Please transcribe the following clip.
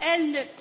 elnök!